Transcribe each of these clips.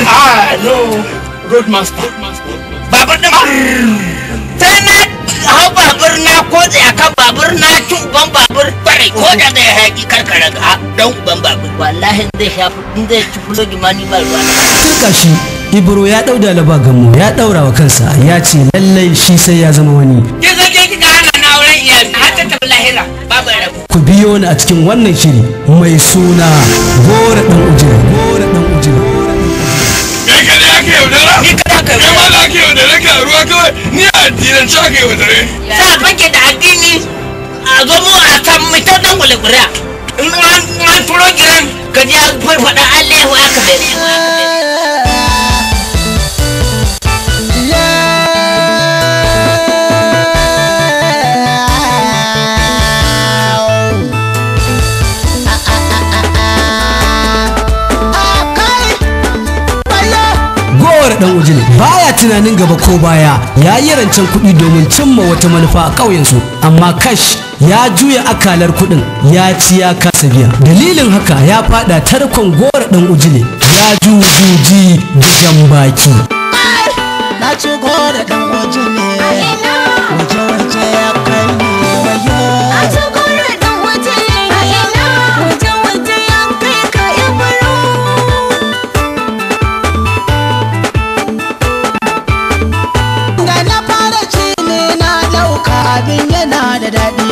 Ah, no. Roadmaster. Babur na Sai na hau babur na kotse a kan babur na ci ban babur kwarai ko da zai haƙi karkara ga don ban babur. Wallahi zai shafi in zai ci fulogi ma ni ba ruwa. Turka shi Ibro ya ɗau da laba gamo ya ɗaura wa kansa ya ce lallai shi sai ya zama wani. Ki zo ki kika hana na wurin iyali har ta tafi lahira babu rabu. Ku biyo ni a cikin wannan shiri mai suna Bora Jiran ci wa dare. Sa fake da addini a zo a kan mutum dan kwale In an turo giran ka je faɗa Allah ya aka bai. dan ujil baya tunanin gaba ko baya ya yi rancen kuɗi domin cimma wata manufa a ƙauyensu amma kash ya juya akalar kuɗin ya ci ya kasa biya dalilin haka ya faɗa tarkon gora dan ujile ya jujuji da jan baki na ci gora dan ujile da da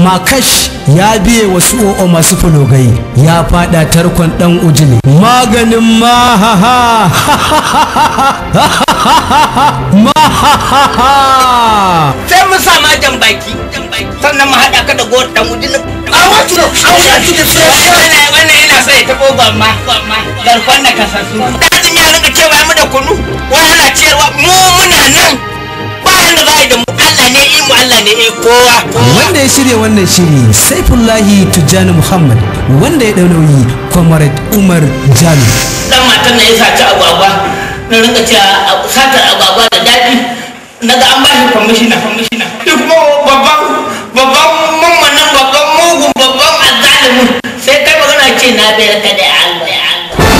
amma kash ya biye wasu o'o masu fulogai ya fada tarkon dan ujini maganin ha ha sai mu sa ma jan baki sannan mu hada ka da gowar dan ujini a wato a wato da sai wannan yana so ya tabo ba ma garkon na kasasu dajin ya rika cewa mu da kunu wai ana ciyarwa mu muna nan ba da za a yi da mu Allah ne imu Allah ne kowa wanda ya shirya wannan shiri saifullahi tujjani muhammad wanda ya ɗaunoyi comrade umar jalo dan matan na isa ci agwagwa na rinka a satar agwagwa da daɗi na ga an ba shi kwamishina kwamishina shi kuma babban babban mamanin babban mugun babban azalimin sai kai magana ce na bayar ta da alwa ya alwa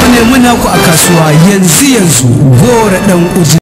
ku nemi naku a kasuwa yanzu yanzu gora ɗan uzu